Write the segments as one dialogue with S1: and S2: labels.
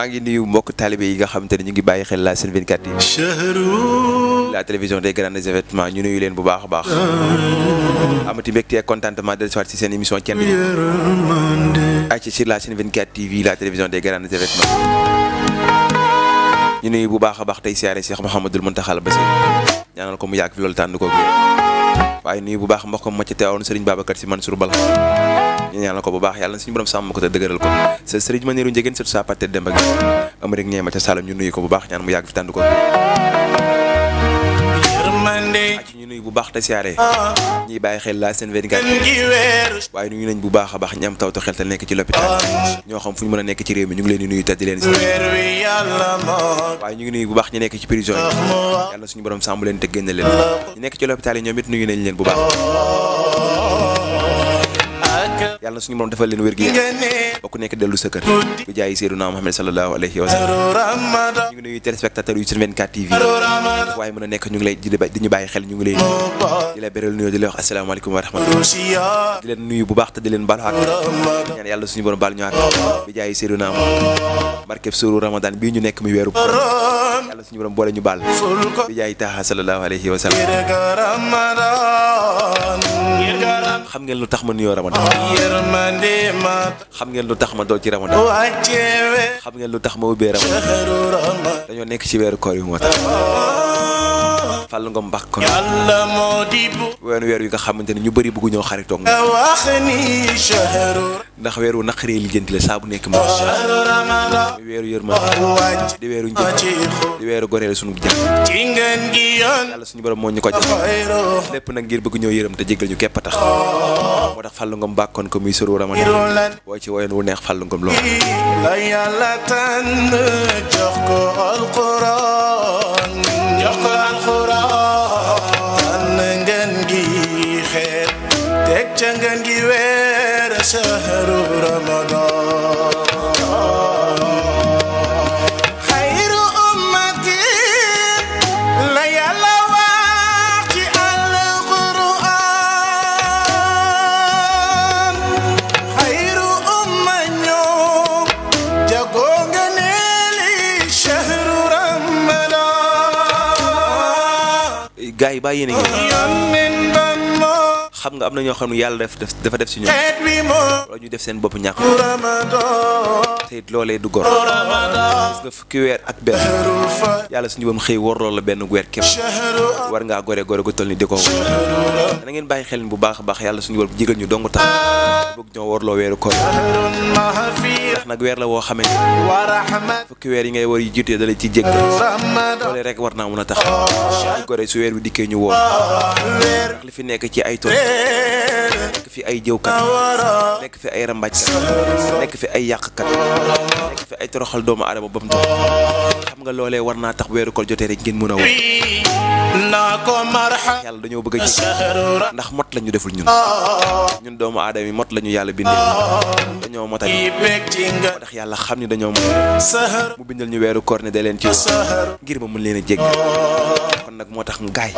S1: maa ngi nuyu mbokk taalibe yi nga xamante ne ñu ngi bàyyi xel la Sen 24 la télévision de grands événements ñu nuyu leen bu baax a baax amati mbégte ak contentement de soir ci seen émission Thiénd Ñi ak ci sur la Sen 24 TV la télévision des grands événements ñu nuyu bu baax a baax tey siyaare Cheikh Mouhamadul ba Bassir ñaanal ko mu yàgg fi loolu tànn ko waaye nuyu bu baax mbokk ma ca teewoon Serigne Babacar man Mansour Bal ñaanal ko bu baax yalla suñu borom sam ko te dëgëral ko sa serigne maniru niru njëgeen sa patte dem ak am rek ñeema ca salam ñu nuyu ko bu baax ñaan mu yag fi tànd ko ci ñu nuyu bu baax ta siaré ñi bay xel la seen 24 way ñu nañ bu baax baax ñam taw taw xel ta nekk ci l'hôpital ño xam fuñu mëna mën nekk ci réew mi ñu ngi leen nuyu ta di leen way ñu ngi nuyu bu baax ñi nekk ci prison yalla suñu borom sàmm leen te gënal leen ñi nekk ci l'hôpital yi ñoom it nuyu nañ leen bu baax yàlla na suñu moom defal leen wér gi ba ku nekk dellu sa bu Muhammad sallallahu alayhi wa sallam ñu ngi nuyu téléspectateur yu Sunu 24 TV waaye ñu ngi lay di ñu bàyyi xel ñu ngi lay di la beral nuyoo di la wax asalaamaaleykum wa di leen nuyu bu baax te di leen baal àq ñaan yàlla suñu borom bu Muhammad barkeb Ramadan bii ñu nekk muy weeru yàlla suñu borom boole ñu baal
S2: bu
S1: jaayi taaxa sallallahu alayhi wa sallam xam ngeen lu tax ma nuyoo Ramadan xam ngeen lu tax ma doog ci ramadan oh, xam ngeen lu tax ma ubbee ramadan dañoo nekk ci weeru koor yi moo oh. tax fal ngom mbak ko
S3: yalla modi bu
S1: won wer yu nga xamanteni ñu bari bëggu ñoo xarito ndax weeru naqari lijeenti la bu nekk mo
S3: di yeur ma di weeru
S1: njëb di weeru gorel suñu
S3: jamm ci
S2: ngeen gi yoon yalla
S1: suñu borom mo ñu ko jox lepp nak ngir bëgg ñoo yërem te jéggal ñu képp tax mo oh. motax fal ngom bakkon ko mi suru ramadan wo ci woyen wu neex fal ngom lo
S2: la yalla tan jox ko alquran jox ko
S3: ca ngeen gi weer shahru ramadan
S1: gaa yi bàyyi na xam nga amna ño xamni yalla ne def dafa def ci ñu lo ñu def seen bop ñak tayit lolé du gor
S2: gis
S1: nga fukki weer ak ben yalla suñu bam xey war loolu ben guer weer war nga gore gore gu tolni diko war na ngeen bayyi xel bu baax baax yalla suñu bam jigal ñu dong tax ah. bu ñoo lo weeru ko nag weer la woo xamee fukki weer yi ngay war yu jiitee dala ci jéggal loole rek war naa mën a tax gore su weer bi dikkee ñu woon li fi nekk ci ay tool nekk fi ay jëwkat nekk ay rambaajkat nekk fi ay yàqkat nekk fi toroxal doomu adama ba mu xam nga loole war naa tax weeru koor jotee rek ngeen mën a woo yàlla dañoo bëgg a jéggi ndax mot la ñu deful ñun ñun doomu aadama yi mot lañu yàlla bindee dañoo motal yàlla xam ni dañoo mot mu bindal ñu weeru koor ne da leen ci ngir ma mën leen a kon nak motax tax gaay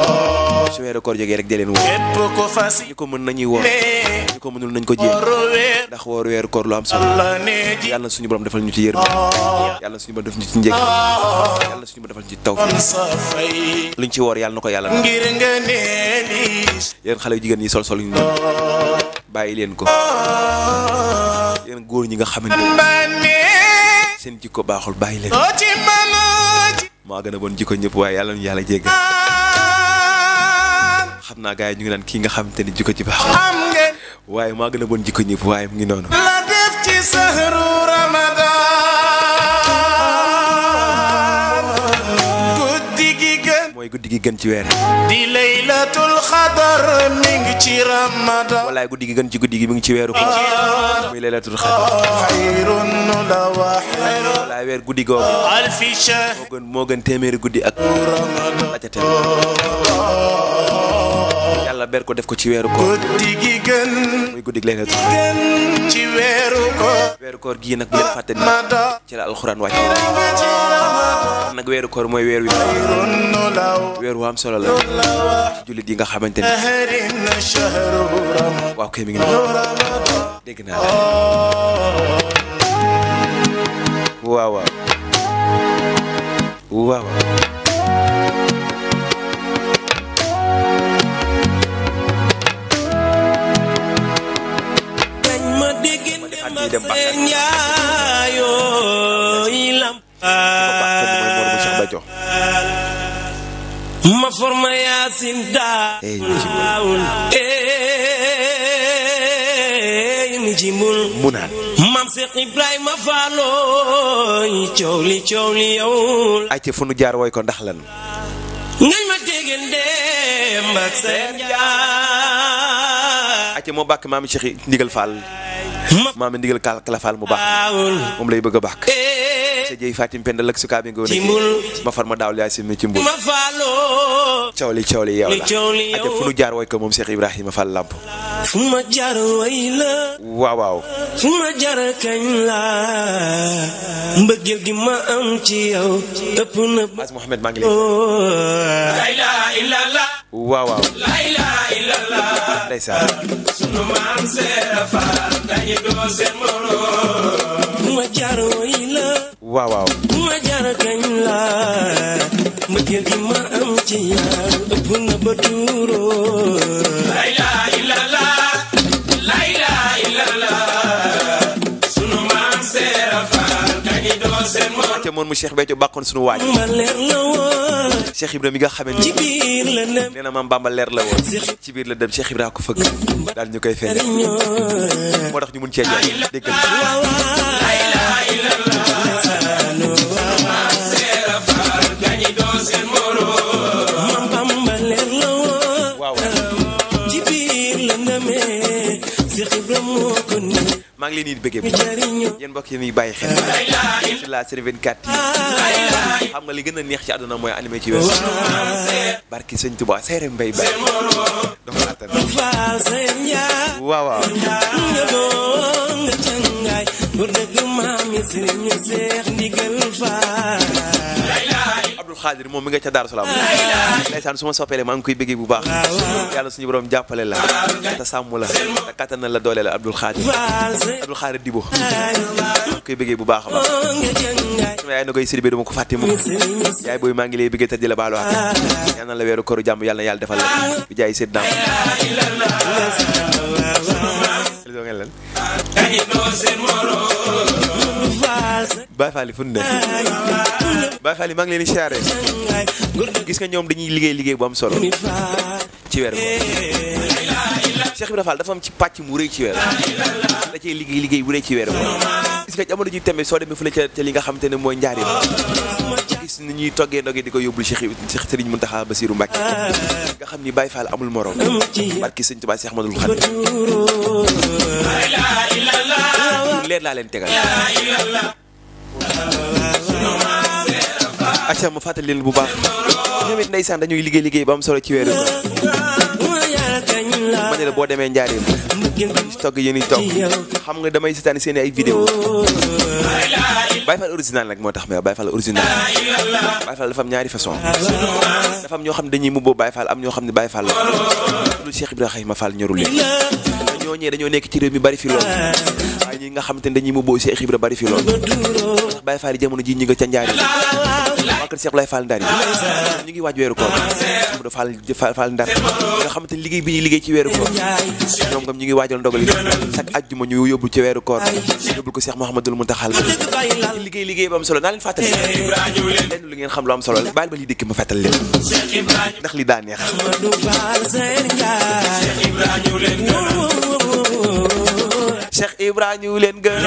S1: su weeru koor jogé rek délen leen woo ñu ko mën nañuy woor ñu ko mënul nañ ko jé ndax wor weeru koor lu am solo yalla suñu borom defal ñu ci yërmé oh. yalla suñu borom def ñu ci njëg yalla suñu borom defal ci taw liñ ci wor yalla nako yalla ngir
S2: nga neeli
S1: yéen xale yu jigen yi sol sol ñu oh. bayi len ko
S2: oh.
S1: yeen goor ñi nga xamante seen jikko baxul bayi len maa gën a bon jikko ñëpp waaye yàlla ñu yàlla jéggal xam naa gars yi ñu ngi naan kii nga xam te ni jikko ci baax waaye maa gën a bon jikko ñëpp waaye mu ngi noonu
S3: la def ci sahru ramadan
S1: mooy guddi gi gën ci weer.
S3: di laylatul xadar mi ci ramadan.
S1: walaay guddi gi gën ci guddi gi mi ngi ci weeru koor. Ah. muy laylatul xadar. walaay weer guddi
S3: googu.
S1: moo gën téeméeri guddi ak. yàlla ber ko def ko ci weeru koor guddi
S3: gi
S2: gën ci
S1: weeru koor weeru nag bu leen ci la alxuraan wàcc nag weeru mooy weer wi weer wu am solo la jullit yi nga xamante ni waaw kay mi ngi noonu dégg naa la oh.
S3: waaw waaw dem ma forma yaasin daawul eey mi jimbul mu naan maam Seex Ibrahima Fallooy coow li coow li yowul
S1: ay te fu nu jaar woy ko ndax lan
S3: ngañ ma déggal dem ak seen jaar
S1: ay te moo bàkk maam Seex ndigal Fall maam ndigal kalafaal mu baax moom lay bëgg a baax eh, eh, eh. sa jëy fatim pendal ak sukaa bi nga ma far ma daaw yaay si ci mbul cawli cawli yow la aja fu nu jaar way ko moom Cheikh Ibrahima Fall Lamp fu
S3: ma jaar way la waaw waaw fu ma jaar kañ la mbëggeel gi ma am ci yow ëpp na as Mouhamed maa ngi lay la ilaha illallah waaw waaw illallah ndeysaan sunu maam seera faal dañu doo seen moroom ma jaar woy la waaw waaw ma jaar kañ la mbëggeel gi ma am ci yaar ëpp na ba tuuroo la ilaha illallah la ilaha illallah
S1: te moon mu Cheikh Béthio bàqoon suñu waaj Cheikh Ibra mi nga xamante ne nee na maam Bamba leer la woon ci biir la dem Cheikh Ibra ko fëgg daal ñu koy feeñ moo tax ñu mun cee jël dégg maa ngi leen di bëggee yéen mbokk yi ñuy bàyyi xel ci la série 24 xam nga li gën a neex ci àdduna mooy animé ci wér barki sëñ Tuba seere mbay bay dox laatal waaw waaw
S3: bu dëgg maam yi sëriñ ñu seex ndigal faa
S1: Abdou Khadir moom mi nga ca Daaru Salaam ndeysaan su ma soppeele maa ngi koy bëggee bu baax yàlla suñu borom jàppale la te sàmm la te kattanal la doole la Abdou Khadir Abdou Khadir Dibo maa ngi koy bu baax
S3: a
S1: na koy sirbi dama ko fàtte mu yaay booy maa ngi lay bëggee te la baalu
S3: ak
S1: la weeru koru jàmm yàlla yàlla defal la bi jaay séddam tuddoo ngeen lan. Baye Fall yi fu ñu ne. maa ngi leen di siyaare. gis nga ñoom dañuy liggéey liggéey bu am solo. ci weer ko Cheikh Ibrahima Fall dafa am ci pàcc mu rëy ci weer da cee liggéey liggéey bu rëy ci weer ko gis nga jamono ji tamit soo demee fële ca ca li nga xamante ne mooy njaari gis ni ñuy toggee ndogi di ko yóbbul Cheikh Cheikh Serigne Mountakha Bassirou Mbacké nga xam ni Baye Fall amul morom barki Sëñ Tuubaa Cheikh Ahmadoul Khadim leer laa leen tegal acca ma fàttali leen bu baax ñoom it ndeysaan dañuy liggéey liggéey ba am solo ci weeru ma ne la boo demee njaareem togg yéen i togg xam nga damay seetaan seen ay vidéo Baye Fall original nag moo tax mais Baye Fall original Baye Fall dafa am ñaari façon dafa am ñoo xam ne dañuy mubboo Baye Fall am ñoo xam ne Baye Fall lu Cheikh Ibrahima Fall ñorul leen dañoo ñee dañoo nekk ci réew mi bari fi lool waaye ñi nga xam te ne dañuy mubboo Cheikh Ibrahima bari fi lool Baye Fall yi jamono ji ñi nga ca njaareem Cheikh Ibrahima Fall Ndar yi ñu ngi waaj weeru koor Amadou Fall Fall Ndar nga xam ni liggéey bi ñuy liggéey ci weeru koor ñoom ngam ñu ngi waajal ndogal yi chaque ajjuma ñu yóbbu ci weeru koor yóbbul ko Cheikh Mouhamadoul Mountakha liggéey liggéey bu am solo naa leen fàttali lenn lu ngeen xam lu am solo baal ba li dikki ma fàttali leen ndax li daa neex
S3: Cheikh Ibra ñu leen gën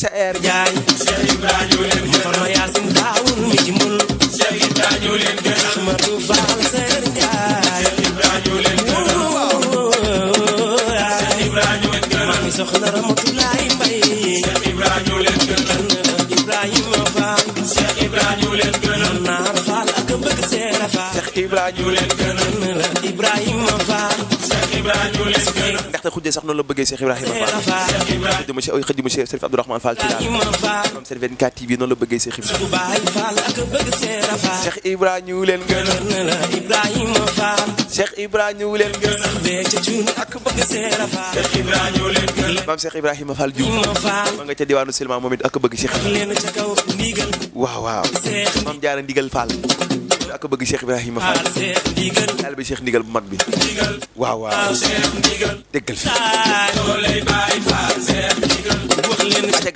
S3: Cheikh Njaay Cheikh Ibra ñu leen gën Soxna Yaasin daawul mi ci mbul Cheikh Ibra ñu leen gën Ahmadou Fall Cheikh Njaay Cheikh Ibra ñu leen gën Cheikh Ibra ñu leen gën maa ngi soxna Ramatulaay Mbay Cheikh Ibra ñu leen gën Ibrahima Fall Cheikh Ibra ñu leen gën Naar Fall ak bëgg Seera Fall Cheikh Ibra ñu leen gën Ibrahima Fall ndaxte
S1: xujjee sax noonu la bëggee Cheikh Ibrahima Fall xëjuma Cheikh xëjuma Cheikh Serif Abdourahmane Fall ci daal comme Sen 24 TV noonu la bëggee Cheikh Ibrahima Cheikh Ibra ñu leen gën Ibrahima Fall Cheikh Ibra ñu leen gën ak bëgg Serif Fall Cheikh Ibra ñu leen gën maam Cheikh Ibrahima Fall Diouf ma nga ca diwaanu Silma moom it ak bëgg Cheikh waaw waaw maam jaara ndigal Fall ak bëgg Cheikh Ibrahima Fall bi Cheikh Ndigal bu mag bi waaw waaw deggal fi aca gars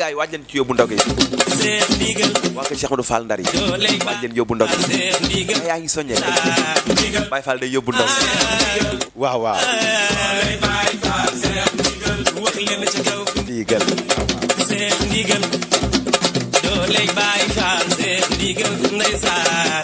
S1: yi waaj leen ci yóbbu ndog yi wa kër Cheikh Madou Fall ndar yi waaj leen yóbbu ndog yi yaa ngi soññee Baye Fall day yóbbu ndog waaw waaw ndigal
S3: Cheikh Ndigal do lay bay Fall Cheikh Ndigal ndeysaan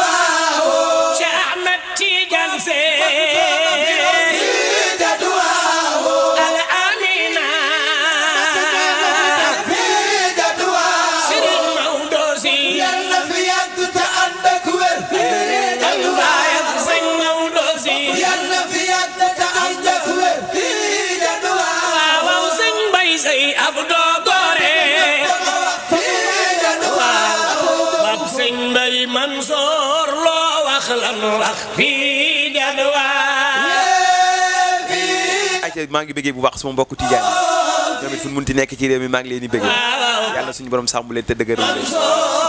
S2: man soor loo wax lan wax fii
S1: ayca maa ngi bëggee bu baax suma mbokku tijaan yi ñoom it nekk ci réew mi maa ngi leen di bëggee yàlla suñu borom sàmm leen te dëgëral leen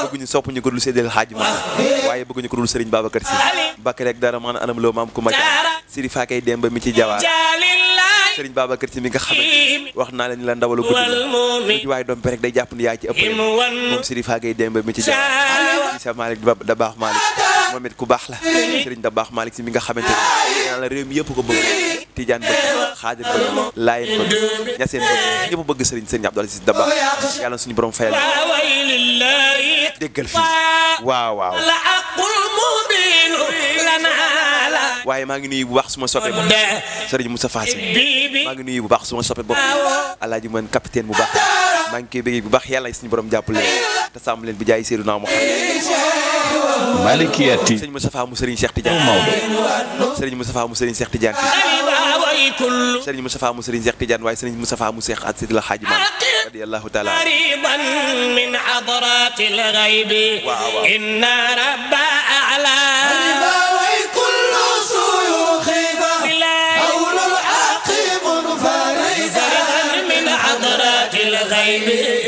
S1: bëgguñu sopp ñu ko dul séddale xaaj ma waaye bëgguñu ko dul sëriñ Babacar Si rek dara man anam loo maam ku ma jaar siri faakay demba mi ci jawaar sëriñ Babacar Si mi nga xamante wax naa leen la ndawalu guddi la ci doom bi day jàpp ni yaa ci ëppale moom siri faakay demba mi ci jawaar sa Malick da baax Malick moom it ku baax la sëriñ da baax Malick mi nga xamante ne la réew mi yëpp ko bëgg Tijaan bëgg Xaadir bëgg Laayeen bëgg Ñaseen bëgg ñëpp bëgg sëriñ sëriñ Abdou Aziz Sy Dabakh yàlla na suñu borom fayal déggal fi waaw waaw waaye maa ngi nuyu bu baax suma soppe bopp sëriñ Moussa Fass maa ngi nuyu bu baax suma soppe bopp alaaji man capitaine bu baax maa ngi koy bëgg bu baax yàlla suñu borom jàppale te sàmm leen bi jaay Seydunaa
S2: Muhammad malikiyaati
S1: sëriñ Moustapha mu sëriñ Cheikh Tidiane Maodo sëriñ Moustapha mu sëriñ Cheikh Tidiane sëriñ Moustapha mu sëriñ Cheikh Tidiane waaye sëriñ Moustapha mu Cheikh Asidil Hadji Malick radiyallahu ta'ala
S2: min hadratil ghaibi inna rabba a'la baby.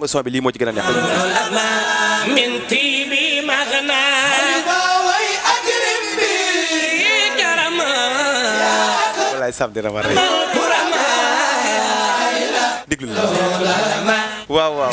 S1: nga son bi lii moo ci gën a neex
S2: min tibi magna way ajrim bi jarama
S1: wallaay sam dina ma rey diglu la waaw waaw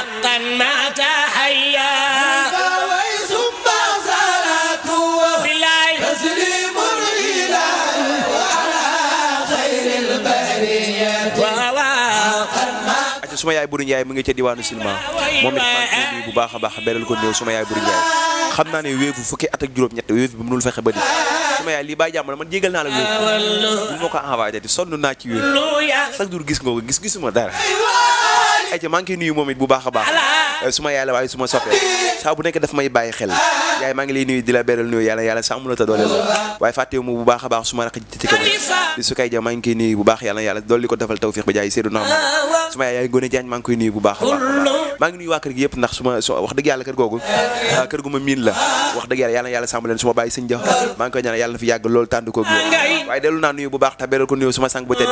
S1: Buru Ndiaye mu ngi ca diwaanu Silma moom it maa ngi nuyu bu baax a baax beral ko néew suma yaay Buru Ndiaye xam naa ne wéefu fukki at ak juróom-ñett wéef bi mënul fexe ba di suma yaay lii bàyyi jàmm man jégal naa la wéef bu ko envoyé di sonn naa ci wéef chaque jour gis nga ko gis gisuma dara ay ca maa ngi nuyu moom it bu baax a baax suma yaay la waaye suma soppee saa bu nekk daf may bàyyi xel yaay maa ngi lay nuyu di la beral nuyu yàlla yàlla la ta doole la waaye fàttewu mu bu baax a baax su ma ba jaay seedu naa su ma yaay gone jaañ maa a la wax dëgg yàlla yàlla yàlla sàmm leen su ma bàyyi sëñ dellu naa nuyu bu baax te beral ko nuyu suma sang bu tedd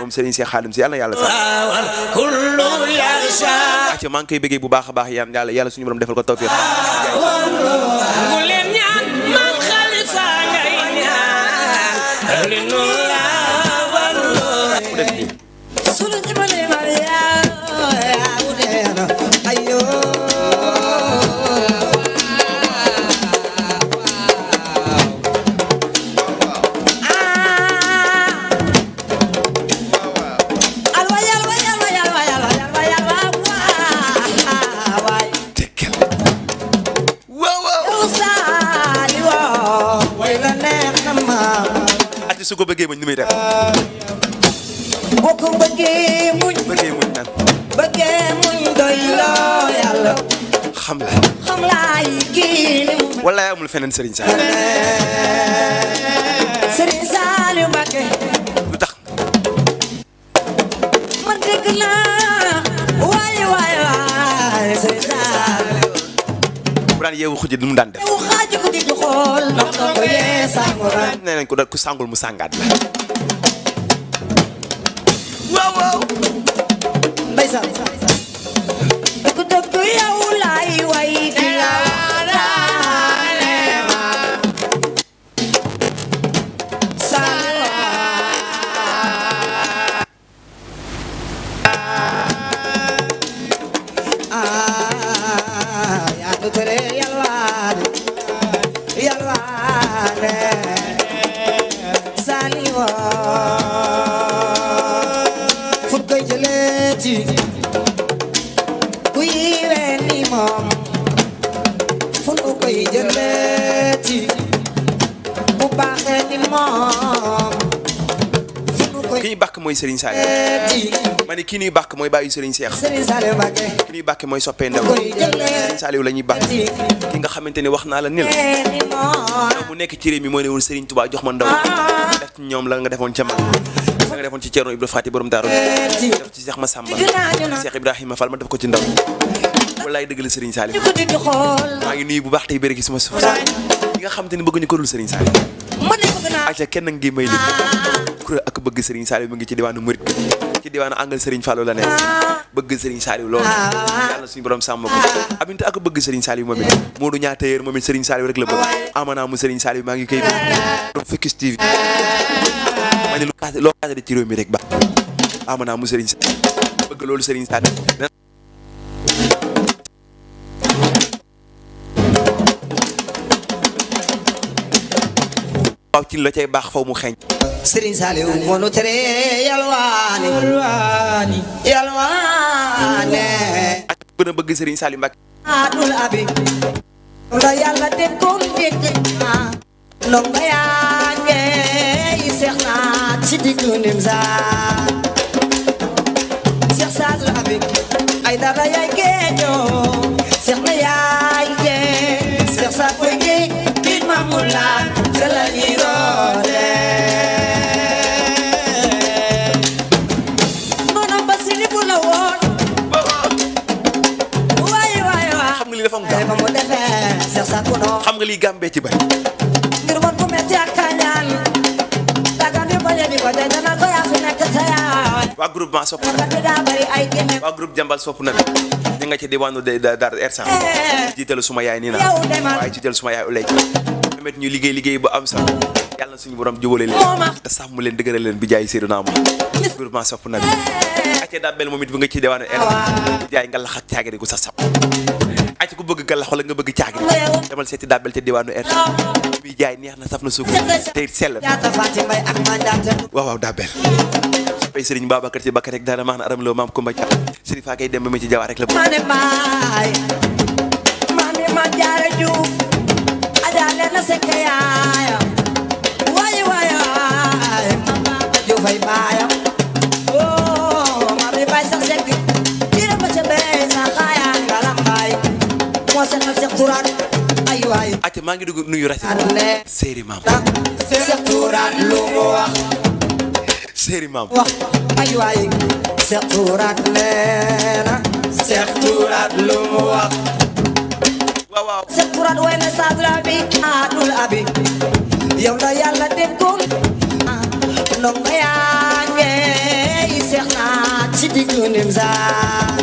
S1: moom sëriñ si xaalim si yàlla yàlla
S2: sàmm
S1: maa ngi koy bëggee bu baax a defal ko tawfiq
S2: tawfeex su
S1: bëggee muñ ni muy def.
S4: boo ko bëggee muñ. bëggee muñ nan. bëggee muñ doy loo
S1: yàlla. xam la.
S4: xam laa yi kii li mu.
S1: walaay amul feneen Serigne Saliou.
S4: Serigne Saliou Mbacké. lu tax. man dégg naa. waaye waaye waaye Serigne
S1: Saliou. bu daan yeewu xuj du mu daan def. xool ndax na ku sàngul mu sàngaat la waaw bak moy e Serigne sale mané ki ñuy bak moy e bayu Serigne Cheikh ki ñuy bak moy soppee ndaw Serigne sale lañuy bak ki nga xamanteni ne wax naa la nil bu nekk ci réew mi moo ne Serigne Touba jox ma ah. ndaw def ci ñom la nga defon ci mag nga defon ci cierno Ibrahima Faty borom daru eh, def ci Cheikh Massamba Cheikh Ibrahima Fall ma def ko ci ndaw wallahi deugul Serigne sale ma ngi nuyu bu baax tay bëri gi suma suuf nga xamanteni bëgg ñu ko dul Serigne Saliou ak kenn ngi may dégg Kura ak bëgg Serigne Saliou mu ngi ci diwaanu Murit ci diwaanu àngal Serigne Fallou la nekk bëgg Serigne Saliou loolu yàlla suñu borom sàmm ko ak bëgg Serigne Saliou moom it moo du ñaata yër moom it Serigne Saliou rek la bëgg amana mu Serigne Saliou maa ngi koy bëgg Focus TV ma ne lu kaase loo ci réew mi rek ba amana mu Serigne loolu Serigne Saliou waaw ci la cay baax faw mu xeeñ
S4: Serigne Saliou moo nu tere yalwaani yalwaani yalwaani ak
S1: gën a bëgg Serigne Saliou Mbacke
S4: adul abi la yàlla dénkoon dégg naa ndongo yaa ngi seex naa ci diggu nim saa abi ay dara yaay géejoo gambe ci bari ngir won bu metti ak ya kañaan ta gambé ba yéni ko dé na ko ya su ya. nek ya er sa
S1: wa groupe eh, ba sopp na da bari ay gene wa groupe jambal sopp na di nga ci diwanu de dar ersa eh, eh. jital suma yaay ni na way ci jël suma yaay ulay met ñu liggéey liggéey bu am sa yalla suñu borom jubale leen ta sam leen degeere leen bi jaay seydou seyduna groupe groupement sopp na acé da bel momit bu nga ci diwanu ersa jaay nga la xat tiagé ko sa sap ay ku bëgg galax wala nga bëgg caagri demal seeti daabel te diwaanu ert bi jaay neex na saf na suuku te sell waaw waaw daabel pay sëriñ Babacar ci Bakar maax na aram loo maam Kumba Dia sëriñ faa kay dem ba mu ci jawaa rek la mane
S4: maay mami ma jaare Juuf adaa leena sekk yaayam waay waay mama Juuf ay baayam
S1: mangi dugu nuyu rasi seri mam seri mam lu
S4: ay waay Seex Tuuraan nee na wax waaw waaw Seex Tuuraan way na saadul abi aadul abi yow la yalla déggul ko ah, no maya nge naa ci digu nimza saa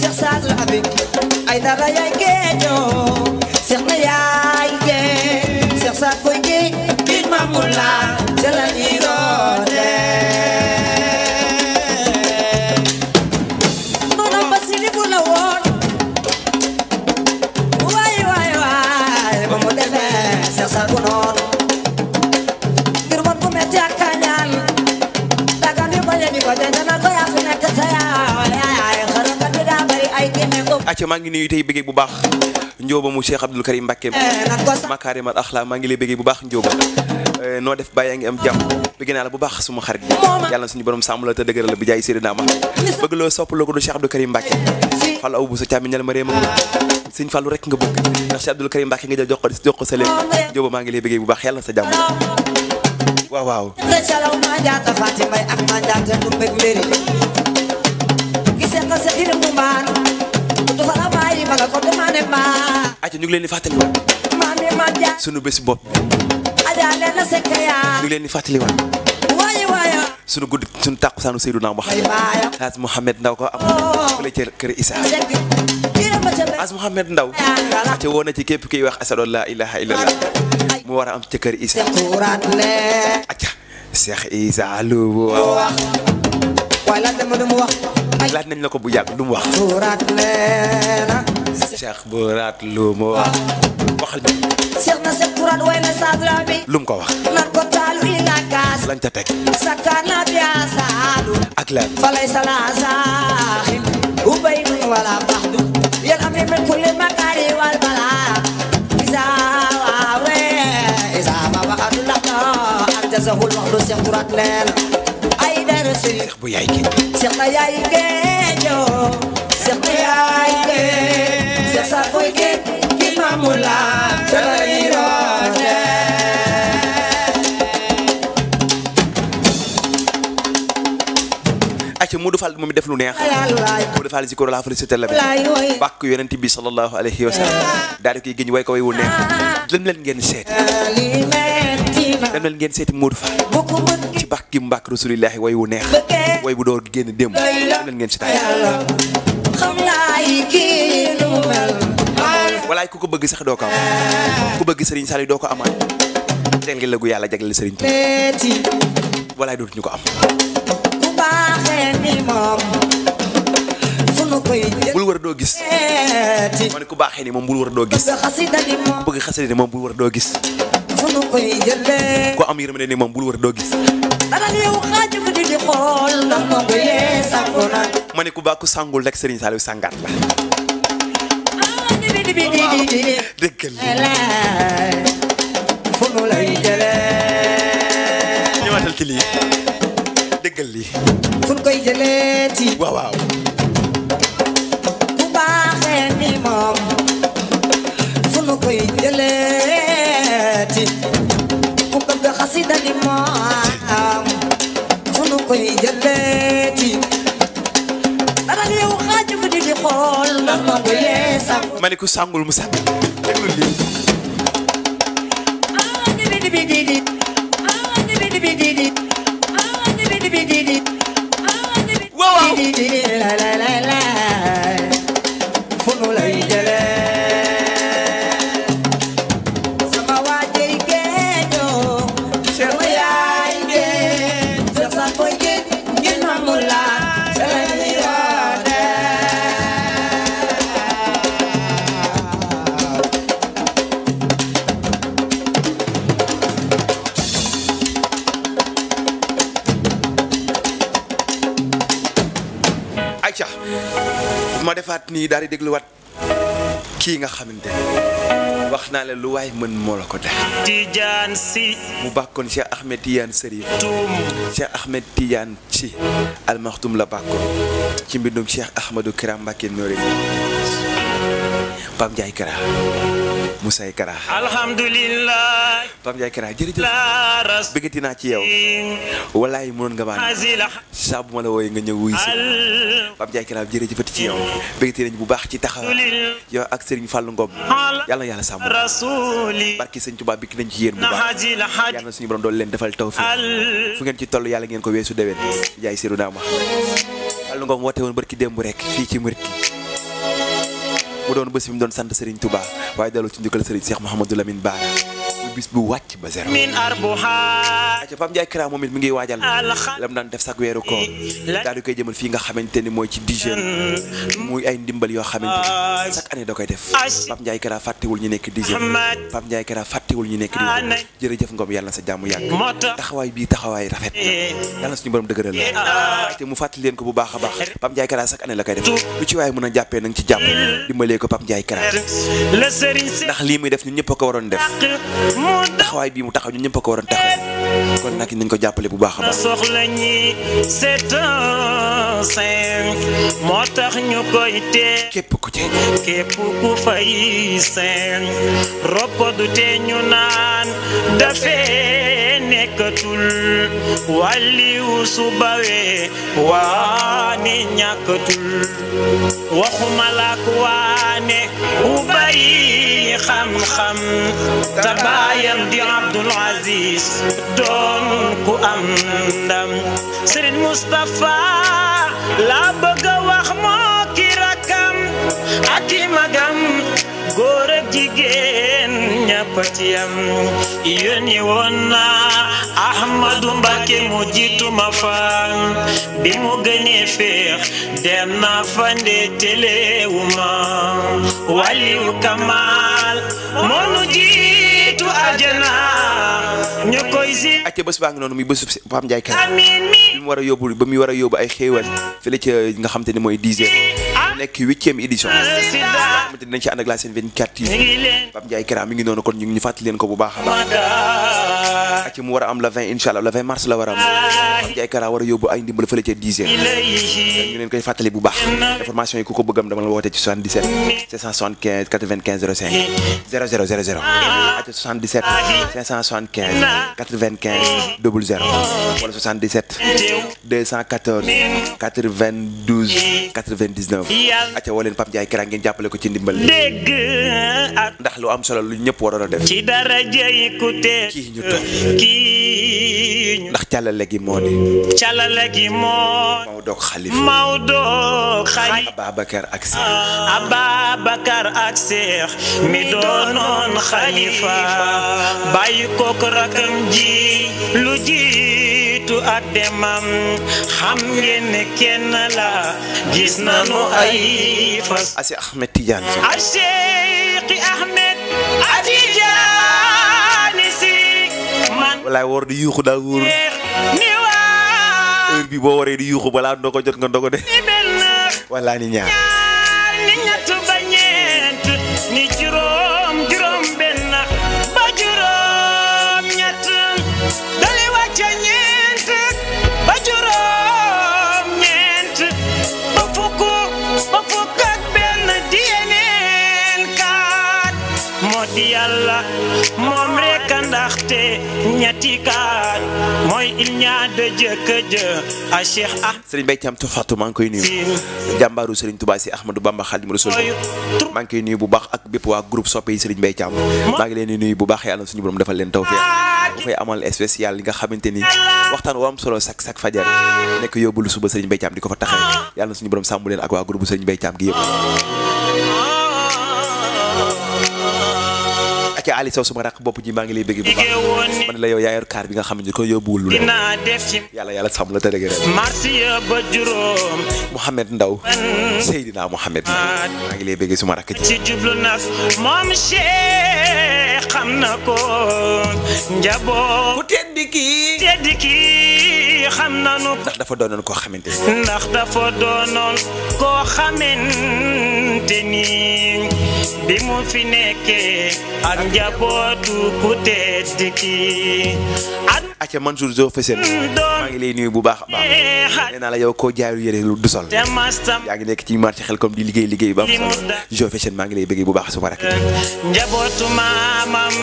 S4: Seex saadul abi ay dara yaay géejoo
S1: acca maa ngi nuyu tey bëggee bu baax njóoba mu Cheikh abdul Karim Mbacké mat akhla ma ngi lay beggé bu baax njóoba eh, no def baye ngi am jàmm beggina la bu baax suma xarit yalla suñu borom sàmm la te dëgëral bi jaay sirina ma bëgg lo sopp lo ko do Cheikh abdul Karim mbake fal aw bu sa càmmi ñal ma réema sëñ rek nga bëgg ndax Cheikh abdul Karim mbake nga jox ko jox ko sele lépp ma ngi lay beggé bu baax yalla sa jàmm waaw waaw
S4: salaw ma jaata fati mbay ak ma jaata du mbég mbéri
S1: ayca ñu ngi leen di fàttaliwaat. sunu bés bopp. leen di fàttaliwaat. waaye waaye. sunu gudd sunu tàkkusaanu Seydina Mouhamed. Ndaw ko am. fële ca kër Issa. As Mouhamed Ndaw. ayca woo na ci képp kiy wax asadu laa ilaaha mu war a am ca kër Issa.
S4: ayca. Cheikh wax.
S1: laaj nañ la ko bu yàgg lu mu wax.
S4: buuraat nee na. Cheikh
S1: buuraat lu mu wax. waxal ñu.
S4: Cheikh na Cheikh buuraat way na sadra bi.
S1: lu mu ko wax. naan
S4: ko taalu i nga
S1: gaas. lañ ca teg.
S4: sakana bi asaalu.
S1: ak la. falay
S4: sala saaxin. ubaynun wala baxdu. yal amri min kulli makari wal bala. isaa waawee. isaa baba adula. ak jasahul waxdu Cheikh buuraat nee na. dara sëriñ Cheikh bu yaay ki Cheikh ma yaay geejo Cheikh bu ki mamula sarayiro ne
S1: acca Modou Fall def lu neex Modou Fall zikoro la félicité la bi bàkk yonent bi sallallahu koy géñ way ko way wu neex dem leen ngeen seet dem leen ngeen seeti Modou Fall bàkki mbàkk rasulillahi way wu neex way bu door gi génn démb leen ngeen si taal
S4: xam naa yi kii nu mu mel
S1: walaay ku ko bëgg sax doo ko am ku bëgg sëriñ Saliou doo ko amaat la gu yàlla jagleel sëriñ Tuubaa walaay dootuñu ko am ku
S4: baaxee ni moom
S1: bul war doo gis ma ne ku baaxee ni moom bul war doo gis ku bëgg xasida doo gis am yërmande ni moom bul war doo gis ma ne ku baax ku sangul rek Serigne Saliou sangaat la. Ah, dëggal lii. ñëwaatal ci lii dëggal lii. fu ñu koy jëlee ci. waaw waaw.
S4: ku baaxee ni moom fu ñu koy jëlee ci. ku bëgg xasida ni moom. koy jëleeti daral yow xaaju ko di di
S1: xool ndax ma ko yee sax ma ne ko sàngul mu sax déglu lii
S4: waaw waaw
S1: nii daal di dégluwaat kii nga xamante wax naa leen lu waay mën moo la ko def.
S3: Tijaan si.
S1: mu bàkkoon Cheikh Ahmed Tidiane Serif. Cheikh Ahmed Tidiane si almaxtum la bàkkoon ci mbindum Cheikh Ahmadou Kira Mbacké Noreyni Pape Ndiaye Kara Moussaye Kara
S3: alhamdulillah
S1: Pape Ndiaye Kara jërëjëf naa ci yow walaay mënoon nga baan saa bu ma la wooyee nga ñëw wuy si Pape Ndiaye Kara ci yow bëggati nañ bu baax ci taxaw yow ak sëriñ fàllu Ngom yàlla yàlla sàmm barki Serigne Touba bikki nañ ci yéen bu baax yàlla na suñu borom doon leen defal tawfiq fu ngeen ci toll yàlla ngeen ko weesu déwén yaay Seydou daama Fallou Ngom woote woon barki démb rekk fii ci murit mu doon bés bi mu doon sant Serigne Touba waaye delloo ci njukkal Serigne Cheikh Mouhamadou Lamine Bara bis bu wàcc ba zéro. min arbuha. ayca Pape Ndiaye Kara moom it mi ngi waajal. lam daan def sax weeru koor. daal di koy jëmal fii nga xamante ni mooy ci digène. Mm. muy ay ndimbal yoo xamante ni chaque année da koy def. Pape Ndiaye Kara fàttewul ñu nekk digène. Pape a Kara fàttewul ñu nekk digène. jërëjëf Ngom yàlla na sa jàmm yàgg. taxawaay bii taxawaay rafet na. Eh. yàlla na suñu borom dëgëral la. Eh, ah. te mu fàttali leen ko bu baax a baax. Er. Pape Ndiaye Kara chaque année la koy def. lu ci waaye mën a jàppee na ci jàpp dimbalee ko Pape Ndiaye Kara er. ndax lii muy def ñun ñëpp ko taxawaay bii mu taxaw ñun ñëpp ko waroon taxaw kon nag nañ ko jàppale bu baax a baax. soxla
S3: ñi c'est un moo tax ñu koy tee. képp ku tee képp ku fay ñu naan dafee nekkatul wàlliwu su bawee waane ñàkkatul waxuma waane u bari xam-xam tabaay. baayam di Abdul Aziz doon ku am ndam Serigne Mustapha la bëgg wax moo ki rakam ak magam góor jigéen ñëpp ci yam yónni woon naa Ahmadu ma fa bi mu gënee féex dem naa fa ndeetelewu ma waliyu Kamal moo nu 见啦。
S1: acca bés baa ngi noonu muy bésub Pape Ndiaye Kane
S3: bi
S1: a yóbbu ba muy war a nekk huitième édition
S3: xamante
S1: dinañ ci ànd ak la seen 24 yi Pape Ndiaye Kane ngi noonu kon ñu ngi ko bu baax a acca mu war a am la 20 incha allah la mars la war am Pape Ndiaye Kane war a yóbbu ay ndimbal fële ca dixième
S3: ñu
S1: leen koy fàttali bu baax information yi ku ko bëggam 95 00 wala 77 214 92 99 acca woo leen Pape Ndiaye Kera ngeen jàppale ko ci ndimbal dégg ak ndax
S3: lu am solo lu ñëpp waroon a def ci dara jëy ku te kii ñu toog kii
S1: calale gi moo di.
S3: calale gi moo.
S1: Maodo Khalifa Maodo
S3: rakam ji lu jiitu ak demam xam ngeen ne kenn la gis nanu ay fas. Asi Ahmed Tidiane. Asi Ahmed
S1: Tidiane. laay woor di yuuxu daa wóor heure bi boo waree di yuuxu balaa ndogo jot nga ndogo de walla ni ñaar
S3: ni ñett ba ñeent ni juróom juróom benn ba juróom ñett dali wàcce ñeent ba juróom ñeent ba fukk ba fukk benn di yeneen kaat moo di yàlla moom te ñetti kaar mooy il ñaa de ke je a cheikh ah
S1: sëriñ Mbaye Thiam Fatou koy nuyu jambarou serigne Touba ci Ahmadou Bamba khadim rasoul mang koy nuyu bu baax ak bepp wa groupe soppe serigne sëriñ Mbaye Thiam ngi leen nuyu bu baax yàlla ya suñu borom defal leen tawfiq bu ah, fay amal spécial li nga xamanteni waxtan wam solo sak sak fajar ah. nek yobul suba serigne Mbaye Thiam di ko fa taxee ah. yàlla ya suñu borom sàmm leen ak wa groupe serigne Mbaye gi yëpp Mbacke Ali Sow suma rakk bopp ji maa ngi lay bëgg bu baax man la yow yaa yor kaar bi nga xam ne ko yóbbuwul lu
S3: yàlla yàlla
S1: sàmm la te dëgg Mouhamed Ndaw Seydina Mouhamed maa ngi lay bëgg suma rakk ji
S3: xam na ko njaboot ku tedd kii tedd kii yi xam ko.
S1: dafa doonoon koo xamante ni. ndax
S3: dafa doonoon koo xamante ni bi mu fi nekkee ak njabootu ku tedd ki.
S1: acca Mansour Zo Fessene maa ngi lay nuyu bu baax a baax nee naa la yow koo jaayul yére lu du sol
S3: yaa ngi nekk
S1: ci marché xel comme di liggéey liggéey bu baax. solo Zo maa ngi lay bëggee bu baax su ma rakk
S3: njabootu maamam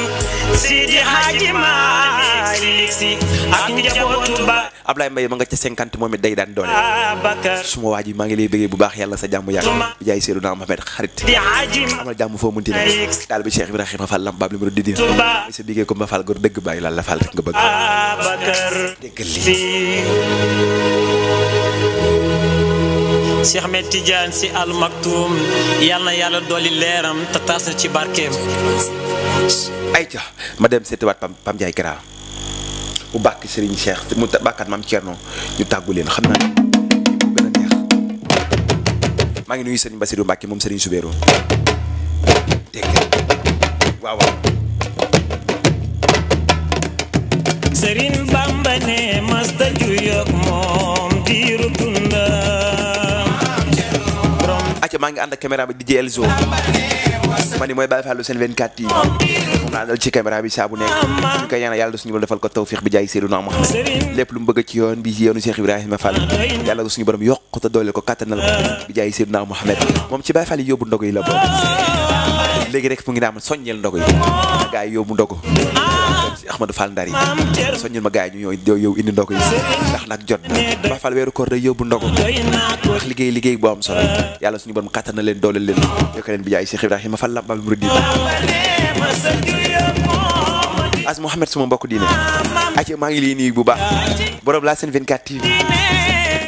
S3: Sidi Hadji Malick Si ak njabootu ba
S1: ablay Mbaye ya. ma nga ci 50 momit day dan doole suma waji ma ngi lay beugé bu baax yalla sa jamm yaa jay jaay Seydou naa Mohamed xarit amal jamm fo munti ne daal bi Cheikh ibrahim Fall lam bab numéro di ci bigé ko ma Fall gor deug bàyyi laal la Fall rek nga bëgg
S3: déggal lii Cheikh Ahmed Tidiane Sy Al Maktoum yalla yalla doli leram ta tass ci barkem ayca
S1: ma dem seetiwaat Pam Pam Ndiaye Kara. mu bàkk Serigne Cheikh mu bàkkaat maam Thierno ñu tàggu leen xam naa mu gën a neex maa ngi nuyu Serigne Bassirou Mbacke moom Serigne Soubéro
S3: dégg waaw waaw. Serigne Bamba ne mas da ju moom diiru maa ngi ànd
S1: ak caméra bi DJ Elzo ma ni mooy Baye Fallou Sen 24 yi moom laa dal ci caméra bi saa bu nekk ñu koy ñaanal yàlla suñu borom defal ko tawfiix bi jaay Seydou Naama lépp lu mu bëgg ci yoon bi ci yoonu Cheikh Ibrahima Fall yàlla la suñu borom yokk te dooleel ko kàttanal ko bi jaay Seydou Naama Mohamed moom ci Baye Fall yi yóbbu ndogo yi la bokk léegi rek mu ngi naa man soññeel ndogo yi gaa yi yow mu ndogo Ahmadou Fall Ndar yi soññeel ma gaa yi ñu yow yow indi ndax nag jot na ba fal weeru koor day yóbbu ndogo ndax liggéey liggéey boo am solo yàlla suñu borom kàttan na leen doole leen yokk leen bi jaay Cheikh Ibrahima Fall Lamp Baabul Muridiin as Mouhamed suma mbokk diine aci maa ngi lii nii bu baax borom laa seen 24 TV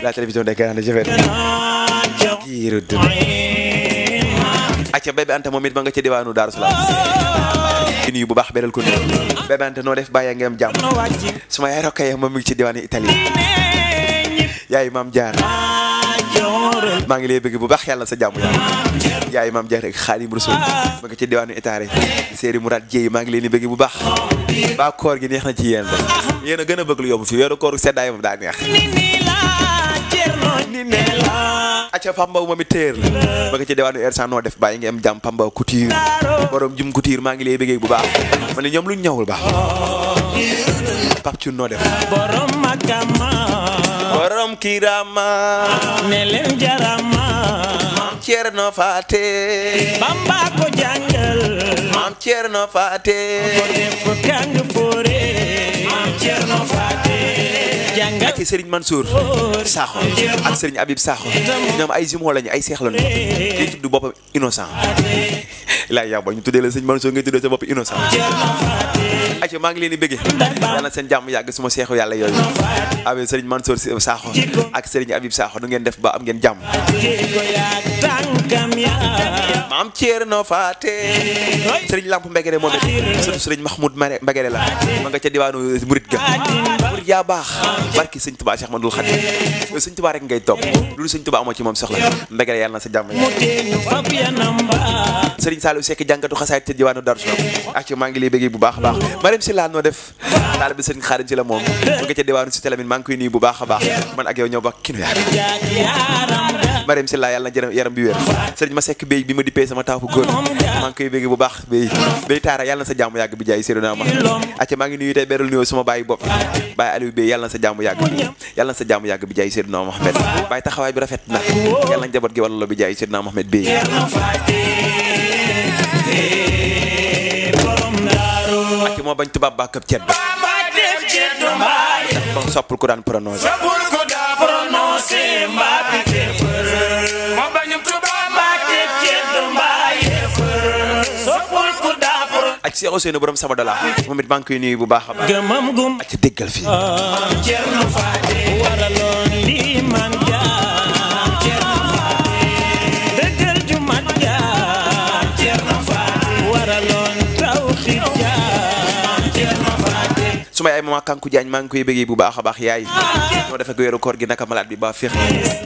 S1: la télévision des grandes acca bébé Anta moom it ma nga ca diwaanu Daaru Salaam di bu baax beral ko nuyu bébé Anta noo def bàyyi nga am jàmm suma yaay rokkee moom mi ngi ci diwaanu Italie yaay maam jaar maa ngi lay bëgg bu baax yàlla sa jàmm yàlla yaay maam jaar rek Xaadim Rasul ma ci diwaanu Italie Serigne Mourad Dieye maa ngi leen di bëgg bu baax baa koor gi neex na ci yéen de yéen a gën a bëgg lu yomb fi weeru koor seddaay moom daa neex acca Pambaw moom it téer la ba nga ci dewaanu ersan noo def bàyyi nga am jàmm Pambaw couture borom ngi lay bëggee bu baax ma ne ñoom lu ñawul baax Pape Thioune noo def borom
S3: makama borom kirama ne leen jarama maam Thierno
S1: Faté Bamba ko jàngal ko def Mbàkke Serigne Mansour Sakho ak Serigne Habib Sakho ñoom ay jumeaux lañu ay seex lañu di tudd boppam innocent laay yàgg ba ñu tuddee la Serigne Mansour nga tuddee sa bopp innocent ayca maa ngi leen di bëggee yal na seen jàmm yàgg suma seexu yàlla yooyu awe sëriñ Mansour Sakho ak sëriñ Habib Sakho nu ngeen def ba am ngeen jàmm maam Thierno Faté sëriñ Lamp Mbegere moom it surtout sëriñ Mahmoud Mbegere la ma nga ca diwaanu baax barki sëñ Tuubaa Cheikh Madul Xadim yow sëñ Tuubaa ngay toog loolu sëñ Tuubaa amoo ci soxla Mbegere yal na sa jàmm sëriñ Saliou Seck jàngatu xasaayit ca diwaanu Darou Salaam ayca maa ngi lay bëggee bu baax a baax Mariam Sylla noo def taalibe sëriñ xaarim ci la mom mu ngi ca si Lamine maa ini koy nuyu bu baax baax man ak yow ñoo bokk kinu ya Mariam Sylla yàlla na yaram bi wér sëriñ ma sekk béy bi ma dippee sama taaw bu góor maa ngi koy bégg bu baax béy béy taara yàlla na sa jàmm yàgg bi jaay Seydina ma acca maa ngi nuyu tey beral nuyoo suma bàyyi bop bàyyi Aliou béy yàlla na sa jàmm yàgg bi na sa jàmm yàgg bi jaay Seydina Mohamed bàyyi taxawaay bi rafet na yàlla na njaboot gi lo bi jaay Seydina Mohamed Hey duma bañ tubaab baakab ceddo kon soppul ko daan prononcé ak Cheikh Ousseynou borom sama dala moom it maa ngi koy nuyu bu baax a baax ak ci déggal fii suma ay mama kanku jagn mang koy beggé bu baakha bax yaay
S3: ñoo
S1: dafa ko wéru koor gi naka malade bi ba fex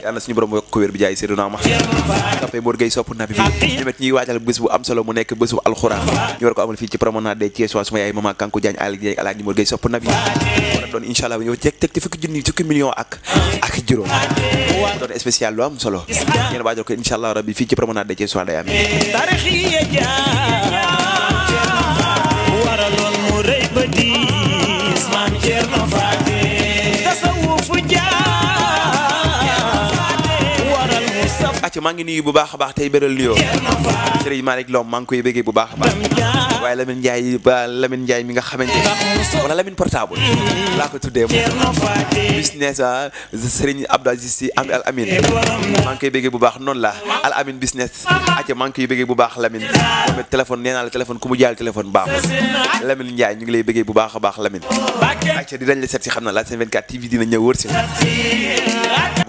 S1: yalla suñu borom ko wér bi jaay seyduna ma kappé bor gay sopp nabi bi ñomet ñi wajal bëss bu am solo mu nekk bëssu bu ñu war ko amul fi ci promenade des Thiès waa suma ay mama kanku jaañ al ala ñu mor gay sopp nabi don a doon inshallah ñëw teg teg ci fukki million ak ak juróom doon spécial lo am solo ñu wajal ko inshallah rabbi fi ci promenade des Thiès waa day am maa ngi nuyu bu baax a baax tey beral nuyoo Serigne Malick Lom maa ngi koy bëggee bu baax a baax waaye Lamine Ndiaye ba Lamine mi nga xamante wala Lamine portable mm-hmm. laa ko tuddee moom business ah, Serigne Abdou Aziz Sy Al Amin maa ngi koy bëggee baax noonu la Al Amin business aca maa ngi koy bëggee bu baax Lamine moom téléphone nee naa téléphone ku mu jaayal téléphone baax Lamine Ndiaye ñu ngi lay bëggee bu baax a baax Lamine aca di dañ la seet si xam na la seen 24 TV dina ñëw wër si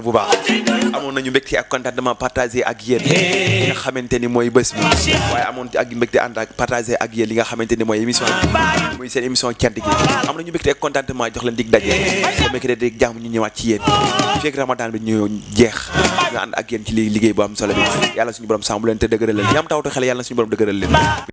S1: bu baax amoon nañu mbégte ak contentement partagé ak yéen li nga xamante ni mooy bés bi waaye amoon ak mbégte ànd ak partagé ak yéen li nga xamante ni mooy émission bi muy seen émission cant gi am nañu mbégte ak contentement jox leen dig daje sama kii di jàmm ñu ñëwaat ci yen fekk ramadan bi ñu jeex nga ànd ak yéen ci liggéey bu am solo bi yàlla suñu borom sàmm leen te dëgëral leen ñi am tawtu yàlla suñu borom dëgëral